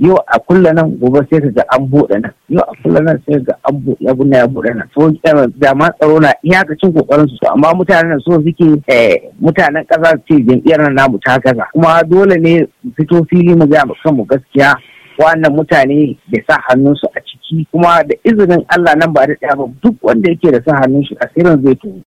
yau a kulla nan gobe sai ga an buɗe nan yau a kulla nan sai ga an buɗe ya ya buɗe nan so eh, dama tsaro na cin kokarin su amma mutanen so suke eh, mutanen ƙasa su ce jam'iyyar nan namu ta kaza kuma dole ne fito fili mu ga kanmu gaskiya wannan mutane da sa hannunsu a ciki kuma da izinin Allah nan ba da ɗaya ba duk wanda yake da sa hannun shi asirin zai tuni.